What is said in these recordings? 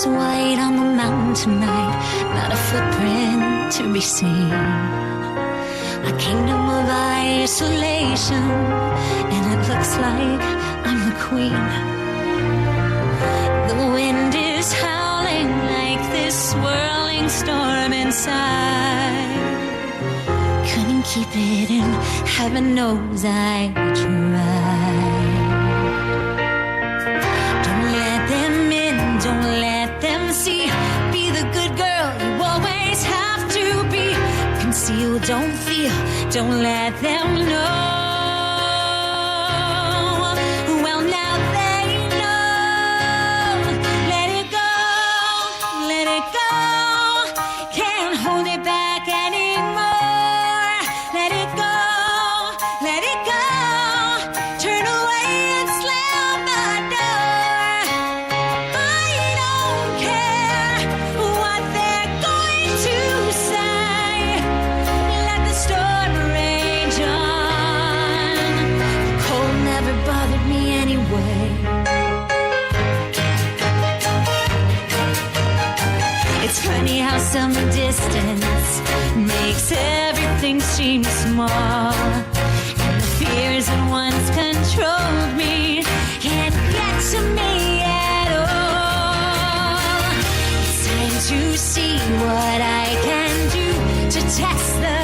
was white on the mountain tonight, not a footprint to be seen. A kingdom of isolation, and it looks like I'm the queen. The wind is howling like this swirling storm inside. Couldn't keep it in, heaven knows I tried. you don't feel, don't let them know. distance makes everything seem small. And the fears that once controlled me can't get to me at all. It's time to see what I can do to test the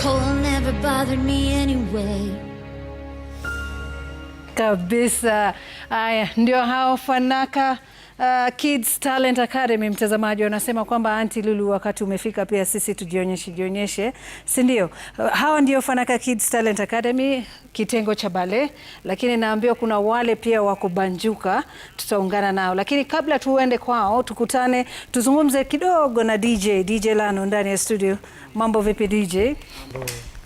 Cold never bothered me anyway. Kabisa. Aya, ndio hao fanaka. Uh, Kids Talent Academy mtazamaji, wanasema kwamba Aunty Lulu, wakati umefika pia sisi tujionyeshe jionyeshe, si ndio? Uh, hawa ndio fanaka Kids Talent Academy kitengo cha bale, lakini naambiwa kuna wale pia wa kubanjuka, tutaungana nao, lakini kabla tuende kwao, tukutane tuzungumze kidogo na DJ DJ Lano ndani ya studio. Mambo vipi DJ?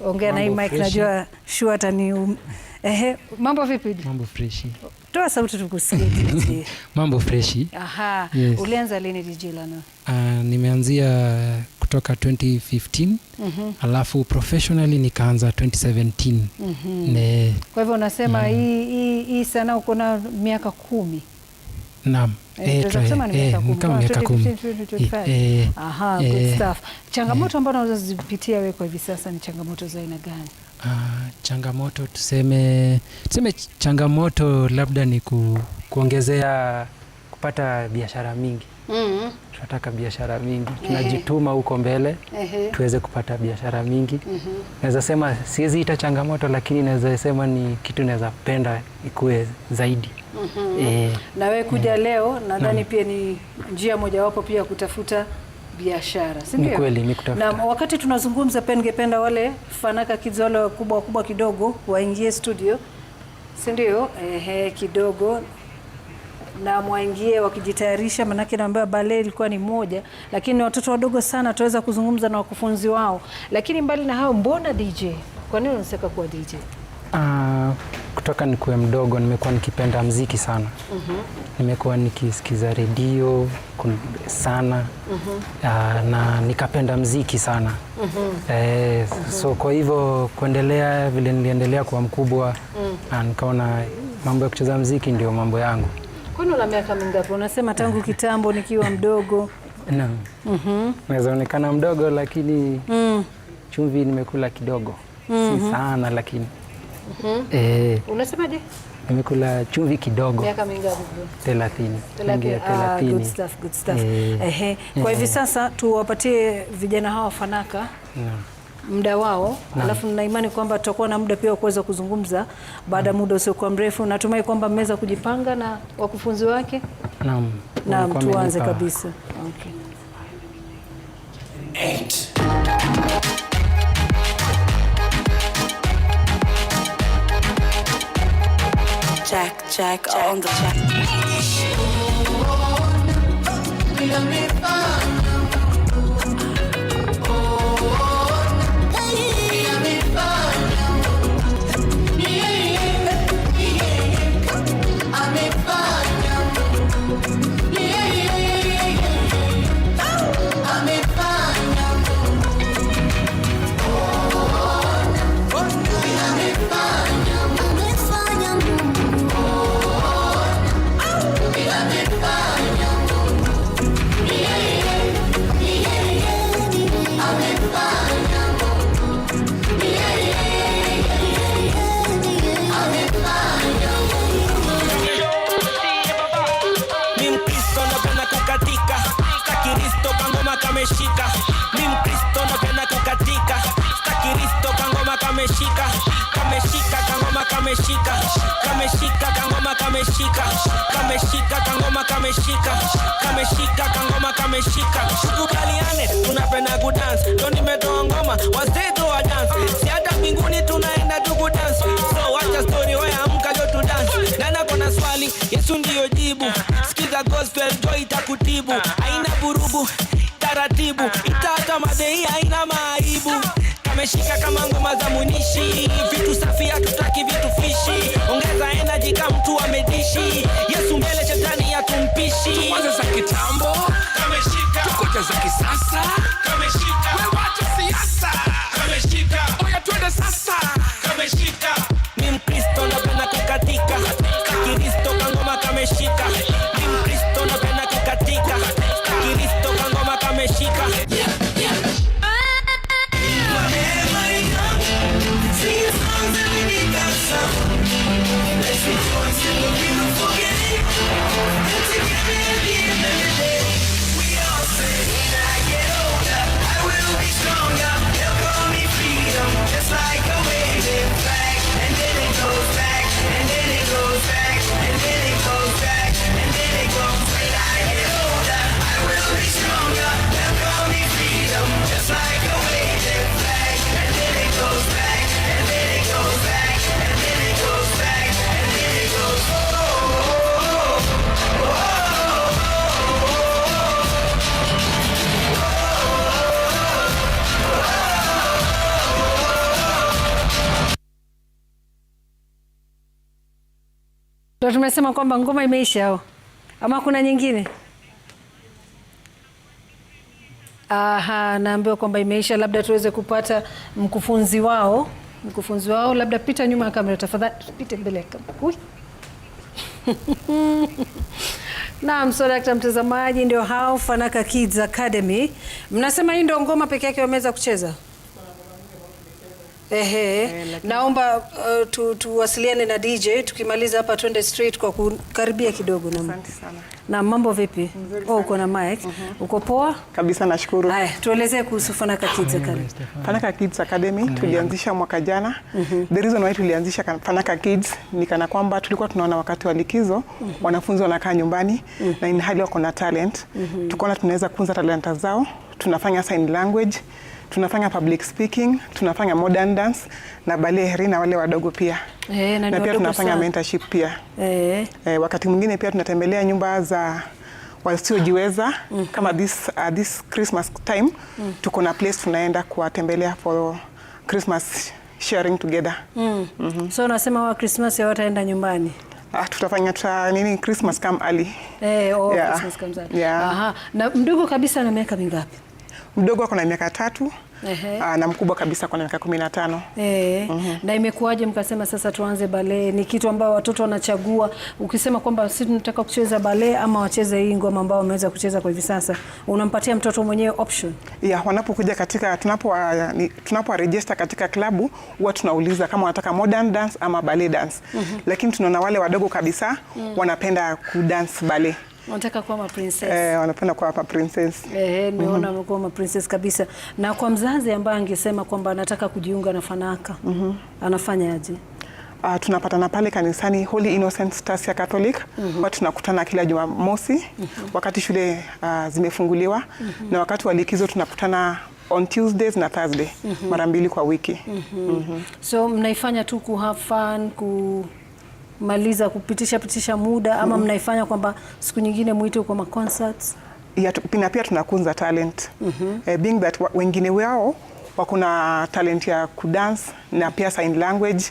Ongea na hii mic, najua sure um... Ehe, mambo vipi? Mambo freshi. Toa sauti tukusikie Mambo freshi. Aha. Yes. Ulianza lini DJ Lano? Uh, nimeanzia kutoka 2015 mm -hmm. Alafu professionally nikaanza 2017. Mm -hmm. Ne. Kwa hivyo unasema mm. hii hii hii sana uko na miaka kumi. Naam. Eh, eh, eh kama ah, miaka kumi. Eh, Aha, good stuff. Changamoto ambazo unazozipitia wewe kwa hivi sasa ni changamoto za aina gani? Uh, changamoto tuseme, tuseme changamoto labda ni ku, kuongezea kupata biashara mingi mm. Tunataka biashara mingi, eh. tunajituma huko mbele mm-hmm. tuweze kupata biashara mingi mm -hmm. Naweza sema siwezi ita changamoto, lakini naweza sema ni kitu naweza penda ikuwe zaidi mm -hmm. E, na wewe kuja mm. leo nadhani mm. pia ni njia mojawapo pia kutafuta biashara si ndio? Ni kweli, Na wakati tunazungumza pia ningependa wale fanaka kids wale wakubwa wakubwa kidogo waingie studio si ndio? Ehe, kidogo na mwaingie wakijitayarisha, manake naambiwa bale ilikuwa ni moja, lakini watoto wadogo sana tuweza kuzungumza na wakufunzi wao. Lakini mbali na hao, mbona DJ? Kwa nini unaseka kuwa DJ? Uh, ah, kutoka nikuwe mdogo nimekuwa nikipenda mziki sana. mm -hmm. Nimekuwa nikisikiza redio sana mm -hmm. na nikapenda mziki sana mm -hmm. e, mm -hmm. so kwa hivyo kuendelea vile niliendelea kuwa mkubwa mm. na nikaona mambo ya kucheza mziki ndio mambo yangu. Kwani una miaka mingapi? Unasema tangu eh. kitambo nikiwa mdogo no. mm -hmm. naweza onekana mdogo lakini mm. chumvi nimekula kidogo mm -hmm. si mhm. sana lakini mm -hmm. e, unasemaje? nimekula chumvi kidogo. Miaka mingapi? 30. Ingia thelathini. Good stuff, good stuff. Eh. Ehe. Kwa hivi eh. sasa tuwapatie vijana hawa fanaka yeah muda wao Alafu nina imani kwamba tutakuwa na muda pia wa kuweza kuzungumza baada ya muda usiokuwa mrefu. Natumai kwamba mmeweza kujipanga na wakufunzi wake. Naam, tuanze kabisa. Okay. Eight. Jack, Jack, Jack on the track. kameshika kameshika kangoma kameshika, tukubaliane tunapenda kudance, ndo nimetoa ngoma wasitu wa dance, si hata mbinguni tunaenda tukudance, so acha story, wewe amka leo tu dance. Nana kona swali, Yesu ndiyo jibu, sikiza gospel joy itakutibu, haina burugu taratibu, itata madei haina maaibu, kameshika kama ngoma za munishi, vitu safi że kisasa unasema kwamba ngoma imeisha au ama kuna nyingine? Aha, naambiwa kwamba imeisha, labda tuweze kupata mkufunzi wao. Mkufunzi wao, labda pita nyuma ya kamera tafadhali, pite mbele ya kamera. Naam, so dakta mtazamaji, ndio hao Fanaka Kids Academy. Mnasema hii ndio ngoma peke yake wameweza kucheza? Ehe. Eh, Naomba uh, tu, tuwasiliane na DJ tukimaliza hapa twende straight kwa kukaribia kidogo na Na mambo vipi? Oh, uko na mic. Mhm. Uko poa? Kabisa nashukuru. Haya, tuelezee kuhusu Fanaka Kids Academy. Fanaka Kids Academy tulianzisha mwaka jana. Mm The reason why tulianzisha Fanaka Kids ni kana kwamba tulikuwa tunaona wakati wa likizo mhm. wanafunzi wanakaa nyumbani mm -hmm. na inhali wako na talent. Mhm. Tukaona tunaweza kukuza talanta zao. Tunafanya sign language tunafanya public speaking, tunafanya modern dance na ballet na wale wadogo pia e, na, na pia tunafanya sana. mentorship pia e. E, wakati mwingine pia tunatembelea nyumba za wasiojiweza mm -hmm. kama this, uh, this Christmas time mm -hmm. tuko na place tunaenda kuwatembelea for Christmas sharing together mm. Mm -hmm. So unasema wa Christmas wataenda nyumbani? Ah, tutafanya tuta, nini Christmas come early. Eh, hey, oh, yeah. Christmas comes early. Yeah. Aha. Na mdogo kabisa ana miaka mingapi? Mdogo ako na miaka tatu. Aa, ah, na mkubwa kabisa kwa miaka kumi na tano. Eh, na imekuwaje mkasema sasa tuanze bale? Ni kitu ambao watoto wanachagua, ukisema kwamba si tunataka kucheza bale ama wacheze hii ngoma ambao wameweza kucheza kwa hivi sasa, unampatia mtoto mwenyewe option ya wanapokuja katika tunapo ah, tunapo register katika klabu, huwa tunauliza kama wanataka modern dance ama ballet dance, mhm. lakini tunaona wale wadogo kabisa mm. wanapenda kudance ballet wanataka kuwa ma princess. Eh, wanapenda kuwa ma princess. Eh, nimeona mm -hmm. kuwa ma princess kabisa. Na kwa mzazi ambaye angesema kwamba anataka kujiunga na Fanaka mm anafanya aje? Uh, tunapatana pale kanisani Holy Innocent Stars Catholic mm -hmm. watu tunakutana kila Jumamosi mm -hmm. wakati shule uh, zimefunguliwa mm -hmm. na wakati wa likizo tunakutana on Tuesdays na Thursday mm -hmm. mara mbili kwa wiki mm -hmm. Mm -hmm. So mnaifanya tu ku have fun ku maliza kupitisha pitisha muda ama mm -hmm. mnaifanya kwamba siku nyingine mwite kwa ma concerts na pia tunakunza talent mm -hmm. being that wengine wao wako na talent ya kudance na pia sign language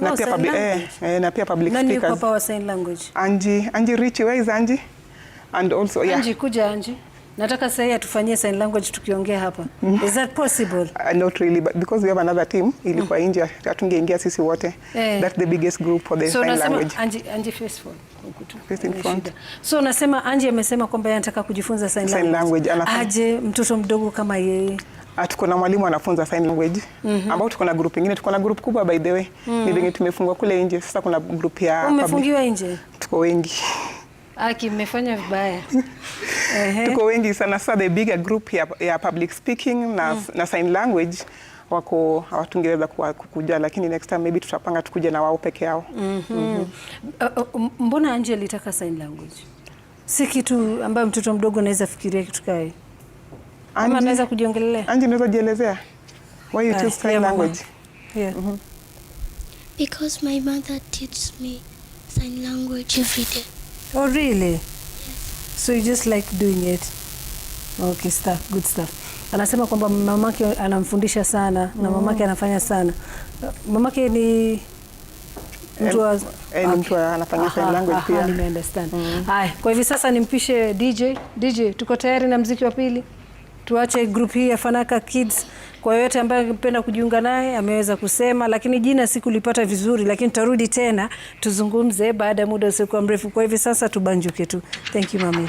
na oh, pia sign Eh, eh, na pia public Nani speakers. Nani yuko power sign language? Anji, Anji Richie, where is Anji? And also, yeah. Anji, kuja Anji. Nataka sasa hivi atufanyie sign language tukiongea hapa. Mm. Is that possible? Uh, not really but because we have another team ilikuwa mm. India hatungeingia sisi wote. Eh. That's the biggest group for the so, sign language. Angie, Angie Faithful. So nasema Anji amesema kwamba yeye anataka kujifunza sign language. Sign language aje mtoto mdogo kama yeye. Ah, tuko na mwalimu anafunza sign language mm -hmm. ambao tuko na group nyingine, tuko na group kubwa by the way. Mm -hmm. Ni venye tumefungwa kule nje, sasa kuna group ya Umefungiwa nje? Tuko wengi. Aki, ah, mmefanya vibaya. Tuko wengi sana sasa, the bigger group ya, ya public speaking na, mm. na sign language wako hawatungeweza kukuja, lakini next time maybe tutapanga tukuje na wao peke yao. mm -hmm. mm -hmm. mbona Angel litaka sign language? Si kitu ambayo mtoto mdogo anaweza fikiria kitu kae. Ama anaweza kujiongelelea. Angel anaweza jielezea. Why you ah, choose sign language? Yeah. Mm -hmm. Because my mother teaches me sign language every day. Oh, really? So you just like doing it. Okay, stuff. Good stuff. Anasema kwamba mamake anamfundisha sana mm. na mamake anafanya sana. Mamake ni mtu wa ah, mtu anafanya sign language pia. I understand. Mm. kwa hivi sasa nimpishe DJ. DJ, tuko tayari na mziki wa pili? Tuache group hii ya Fanaka Kids. Kwa yoyote ambaye angependa kujiunga naye ameweza kusema, lakini jina sikulipata vizuri, lakini tutarudi tena tuzungumze baada ya muda usiokuwa mrefu. Kwa hivi sasa tubanjuke tu. Thank you mami.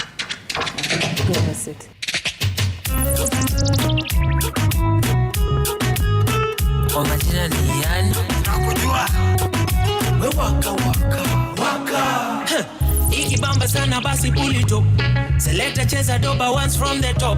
Ikibamba sana basi puli cheza doba once from the top.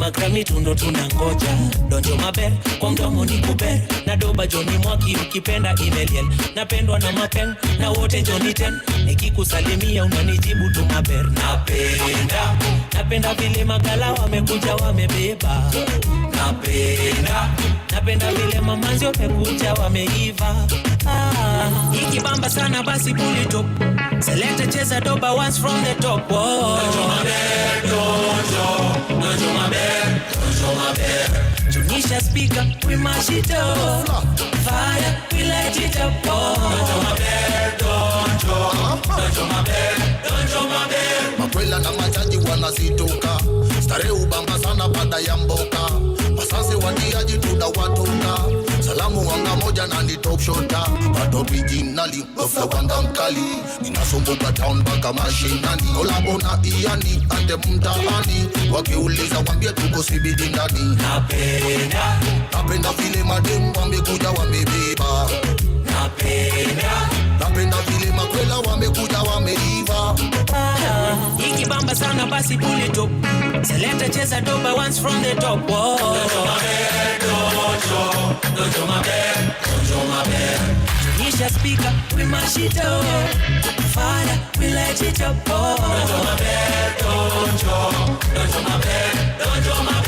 makrami tundo tuna ngoja donjo maber kwa mdomo ni kuber na doba Joni Mwaki ukipenda imelien napendwa na mapen na wote Joni ten nikikusalimia unanijibu tu maber napenda napenda vile makala wamekuja wamebeba napenda napenda vile mamanzi wamekuja wameiva ah. ikibamba sana basi bulitop selete cheza doba once from the top oh bell. Tunisia speaker, we mash it up. Fire, we light it up. Oh. Don't my bell, don't jump. Don't my bell, don't my bell. Makwela na majaji wanazituka, starehe ubamba sana baada ya mboka Wazazi watiaji tuna watunda salamu wanga moja na ni top shota but originally wafla wanga mkali inasumbuka town baka mashinani kolabo na iani ande mtaani wakiuliza wambia tuko sibidi ndani napenda basi pull it up. Seleta cheza doba once from the top. Tunisha speaker, we mash it up. Fire, we light it up. Don't do my bed, don't do, don't do my bed, don't do my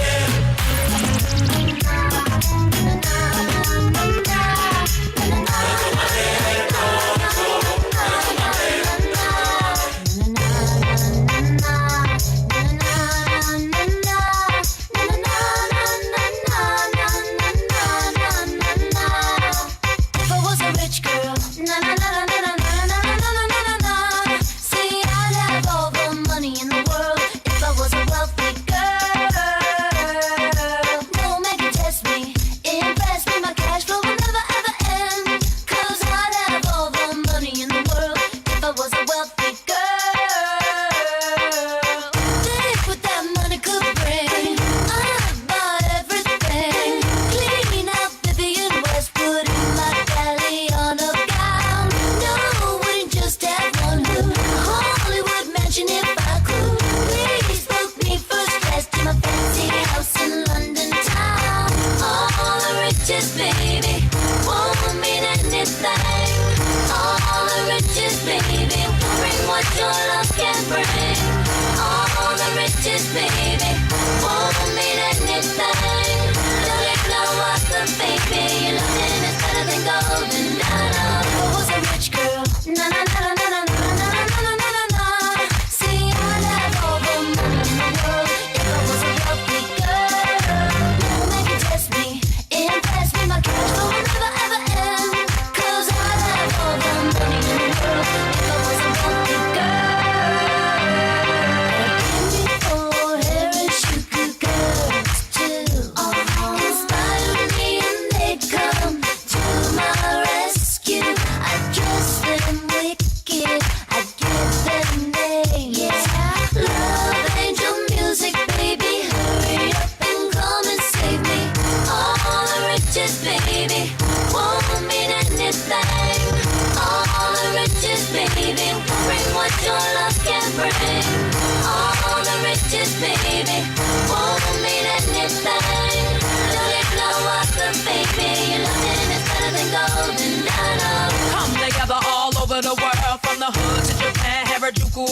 from the hood to Japan, Harajuku,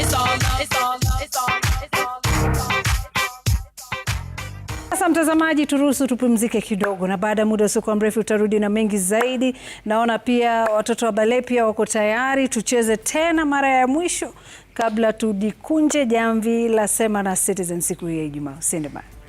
It's all love, it's all love, it's all love, it's all sasa mtazamaji, turuhusu tupumzike kidogo, na baada ya muda usiokuwa mrefu utarudi na mengi zaidi. Naona pia watoto wa bale pia wako tayari, tucheze tena mara ya mwisho kabla tujikunje jamvi la Sema na Citizen siku hii ya Ijumaa. Usiende